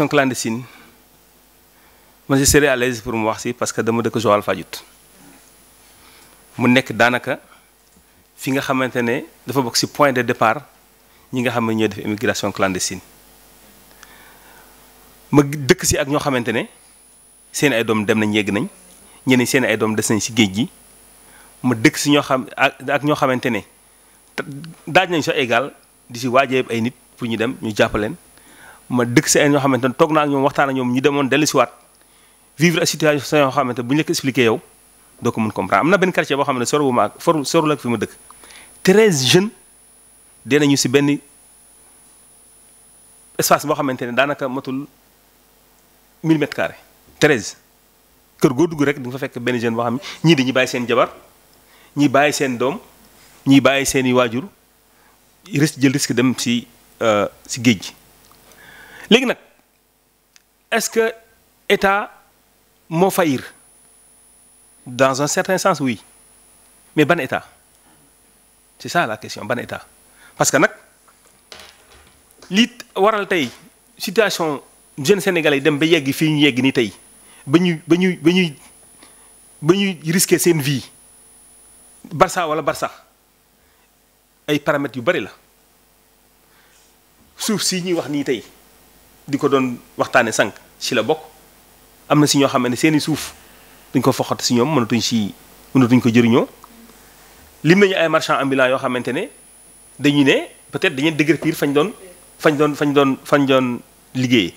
immigration clandestine man je serais pour mu wax si parce que dama dëkk Joal Fadiouth mu nekk daanaka fi nga xamante ne dafa bokk si point de départ ñi nga xam ne ñooy def immigration clandestine ma dëkk si ak ñoo xamante ne seen ay doom dem nañ yegg nañ ñeneen seen ay doom des nañ si géej gi ma dëkk si ñoo xam ak ñoo xamante ne daaj nañ sa égal di si waajee ay nit pour ñu dem ñu jàppaleen ma dëkk si ay ñoo xamante ne toog naa ak ñoom waxtaan ak ñoom ñu demoon dellusiwaat vivre ak situation yoo xamante bu ñu la ko expliqué yow doo ko mën comprendre am na benn quartier boo xam ne soro bu ma ak for soro la fi ma dëkk treize jeunes dee nañu si benn espace boo xamante ne daanaka matul mille mètres carrés treize kër goo dugg rek di nga fa fekk benn jeune boo xam ne ñii dañuy bàyyi seen jabar ñii bàyyi seen doom ñii bàyyi seen i waajur risque jël risque dem si euh, si géej gi léegi nag est-ce que état moo faillir dans un certain sens oui mais ban état c'est ça la question ban état parce que nag li waral tey situation jeune sénégalais yi dem ba yegg fii ñu yegg nii tey ba ñuy ba ñuy ba ñuy ba ñuy risquer seen vie Barça wala Barça ay paramètres yu bari la suuf si ñuy wax nii tey di ko doon waxtaane sànq ci la bokk am na si ñoo xam ne seeni suuf dañ ko foxat si ñoom mënatuñ si mënatuñ ko jëriñoo lim nañu ay marchand ambulant yoo xamante ne dañu ne peut-être dañuy déguerpir fañ doon fañ doon fañ doon fañ doon liggéeyee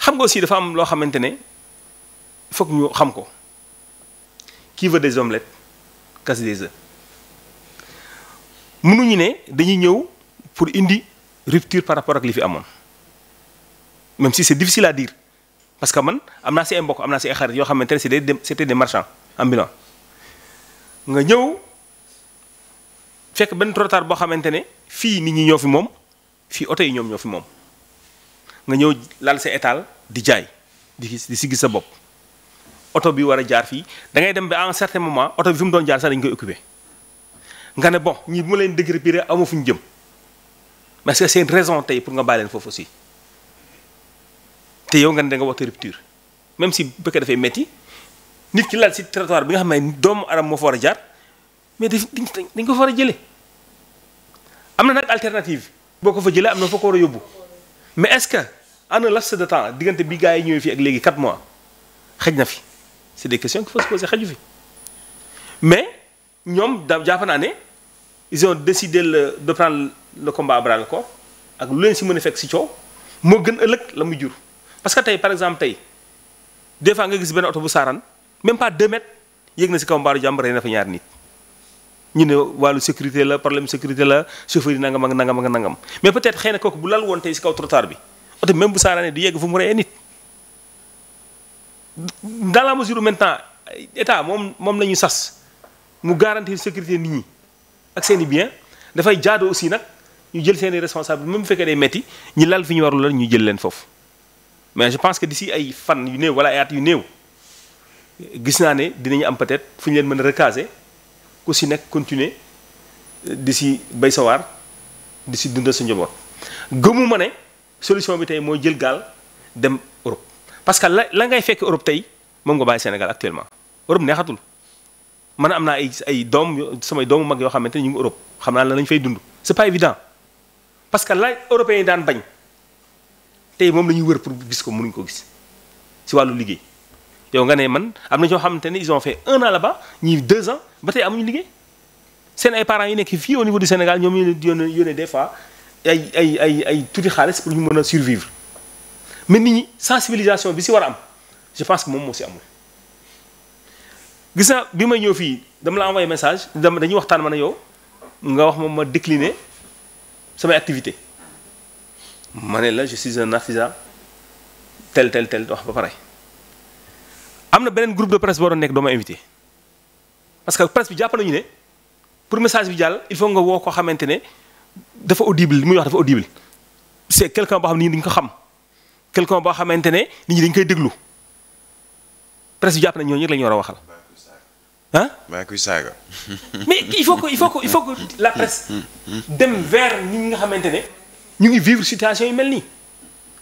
xam nga aussi dafa am loo xamante ne foog ñu xam ko qui des omelettes casse des mënuñu ne dañuy ñëw pour indi rupture par rapport ak li fi amoon même si c'est difficile à dire parce que man am naa si mbokk am naa si ay xarit yoo xamante ne c'est des c'était des marchands ambulants nga ñëw fekk benn trottoir boo xamante ne fii nit ñi ñoo fi moom fii oto yi ñoom ñoo fi moom nga ñëw lal sa étal di jaay di gis di si gis sa bopp oto bi war a jaar fii dangay dem ba en un certain moment oto bi fi mu doon jaar sax dañu koy occupé nga ne bon ñi bu ma leen dégg amu fu ñu jëm mais est-ce que c'est raison tey pour nga bàyyi foofu aussi te yow nga ne da nga waxte rupture même si bëkkee dafay metti nit ki laal si territoire bi nga xam ne doomu aadama moo fa war a jaar mais daf dañ ko fa war a jëlee am na nag alternative boo ko fa jëlee am na foo ko war a yóbbu mais est-ce que en un laps de temps diggante bi gars yi ñëwee fii ak léegi 4 mois xëj na fi c'est des questions qu'il faut se poser xaju fi mais ñoom da jàpp naa ne ils ont décidé le de prendre le combat à bras ak lu leen si mën a fekk si coow moo gën ëllëg la mu jur parce que tey par exemple tey des fois nga gis benn oto bu saaraan même pas 2 yéeg na si kaw mbaaru jàmm rey na fa ñaar nit ñu ne wàllu sécurité la problème sécurité la chauffeur yi nangam ak nangam ak nangam mais peut-être xëy na kooku bu lal woon tey si kaw trottoir bi oto même bu saaraanee du yegg fu mu reyee nit. dans la mesure où maintenant état moom moom la ñu sas mu garantir sécurité nit ñi ak seen i bien dafay jaadu aussi nag ñu jël seen i responsable fekkee day metti ñi lal fi ñu warul la ñu jël leen foofu. mais je pense que di si ay fan yu néew wala ay at yu néew gis naa ne dinañu am peut-être fu ñu leen mën a recaser ku si nekk continuer euh, di si bay sawaar di si dundal sa njaboot gëmuma ne solution bi tey mooy jël gaal dem Europe parce que la la ngay fekk Europe tey moom nga bàyyi Sénégal actuellement Europe neexatul man am naa ay ay doom samay doomu mag yoo xamante ne ñu ngi Europe xam naa la lañ fay dund c'est pas évident parce que la européens yi daan bañ. tey moom la ñuy wër pour gis ko mënuñ ko gis si wàllu liggéey yow nga ne man am na ñoo xamante ne ils ont fait un an là-bas ñii deux ans ba tey amuñu liggéey seen ay parents yi nekk fii au niveau Sénégal ñoom ñu leen di yónnee des fois ay ay ay ay tuuti xaalis pour ñu mën a survivre mais nit ñi sensibilisation bi si war a am je pense que moom moo si amul. gis naa bi may ñëw fii dama la envoyé message dama dañuy waxtaan man a yow nga wax moom ma décliner samay activité ma ne la je suis un tel tel tel wax ba pare am na beneen groupe de presse boo doon nekk doo ma invité parce que presse bi jàpp nañu ne pour message bi jàll il faut nga woo ko xamante ne dafa audible li muy wax dafa audible c'est quelqu'un boo xam ne ko xam quelqu'un boo xamante ne nit ñi dañ koy déglu presse bi jàpp nañ ñooñu rek la war a waxal. ah maa mais il faut que il faut que il faut que la presse. dem vers ñi nga xamante ne. ñu ngi vivre situation yi mel nii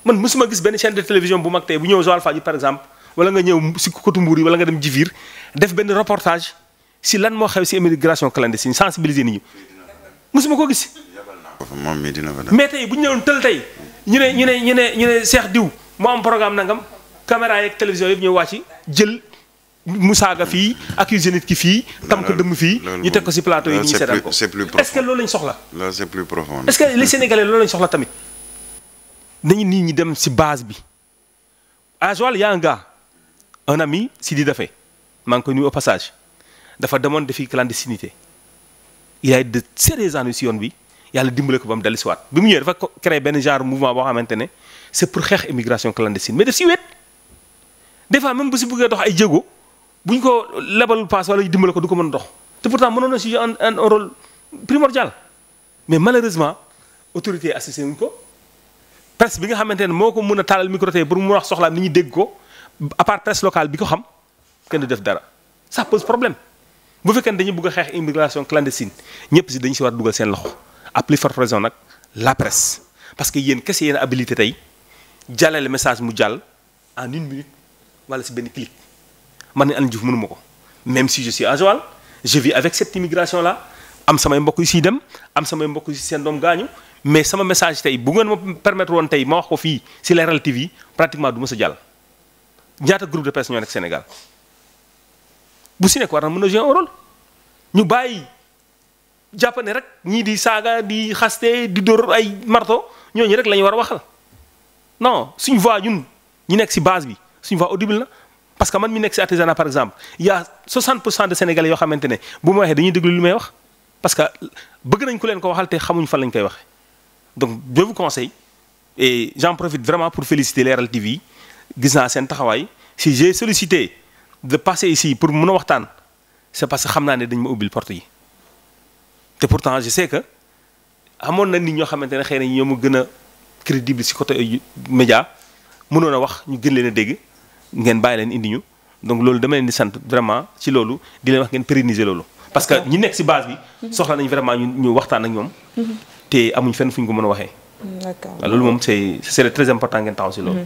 man mësuma gis benn chaîne de télévision bu mag tey bu ñëw Joal Fadiouth par exemple wala nga ñëw si côté Mbour yi wala nga dem Jifir def benn reportage si lan moo xew si immigration clandestine sensibiliser nit ñi mësuma ko gis. moom mii dina fa mais tey bu ñu ñëwoon tël tey ñu ne ñu ne ñu ne ñu Diw moo am programme nangam caméra yeeg télévision yëpp ñëw wàcc jël. mu saaga fii accuse nit ki fii. tam ko dëmm fii ñu teg ko ci plateau yi ñu seetaan ko est-ce que loolu lañ soxla. loolu c'est plus profond. est-ce que les Sénégalais loolu lañ soxla tamit. nañu nit ñi dem ci base bi. à Joal y a un gars un ami Sidi Dafé maa ngi koy nuyu au passage dafa demoon defi clandestinité il a de sérieux ennuis si yoon bi yàlla dimbale ko ba mu dellusiwaat bi mu ñëwee dafa créé benn genre mouvement boo xamante ne c'est pour xeex immigration clandestine mais daf ci wet des fois même bu ci dox ay jéego. bu ñu ko lebal paas wala dimbale ko du ko mën a dox te pourtant mënoon na si un un rôle primordial mais malheureusement autorité yi assisté wuñ ko presse bi nga xamante ne moo ko mën a taalal micro pour mu wax soxlaam ni ñuy dégg ko à part presse locale bi ko xam kenn du def dara ça pose problème bu fekkee ne dañu bugg a xeex immigration clandestine ñëpp si dañu si war dugal seen loxo à plus forte raison nag la presse parce que yéen kes yéen habilité tey jàllale message mu jàll en une minute wala si benn clic. man ne Andy Diouf mënu ma ko même si je suis à je vis avec cette immigration la am samay mbokk yu siy dem am samay mbokk yu si seen doom gaañu mais sama message tey bu ngeen ma permettre woon tey ma wax ko fii si Leral TV pratiquement du ma sa jàll ñaata groupe de personnes ñoo nekk Sénégal bu si nekk war na mën a jouer un ñu bàyyi jàpp rek ñii di saaga di xaste di door ay marto ñooñu rek la war a waxal non suñu voix ñun ñu nekk si baas bi suñu voix audible na. parce que man mi nekk si artisanat par exemple il y a 60 pour cent de sénégalais yoo xamante ne bu ma waxee dañuy lu li may wax parce que bëgg nañ ku leen ko waxal te xamuñ fan lañ koy waxee donc je vous conseille et j'en profite vraiment pour féliciter Leral TV gis naa seen taxawaay si j'ai sollicité de passer ici pour mun a waxtaan c'est parce que xam naa ne dañ ma ubbil porte yi te pourtant je sais que amoon na nit ñoo xamante ne xëy na ñoo ma gën a crédible si côté média mënoon a wax ñu gën leen a dégg. ngeen bàyyi leen indi ñu donc loolu dama leen di sant vraiment ci loolu di wax ngeen pérenniser loolu. parce que ñi nekk si base bi. soxla nañ vraiment ñu ñu waxtaan ak ñoom. te amuñ fenn fu ñu ko mën a waxee. d'accord loolu moom c'est c'est très important ngeen taxaw si loolu.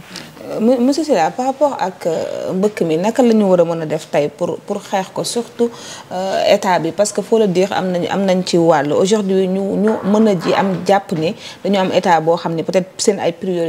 Euh, monsieur Sylla par rapport ak euh, mbëkk mi naka la war a mën a def tey pour pour xeex ko surtout euh, état bi parce que faut le dire am nañu nañ ci wàll aujourd'hui ñu ñu mën a ji am jàpp ni dañu am état boo xam n peut-être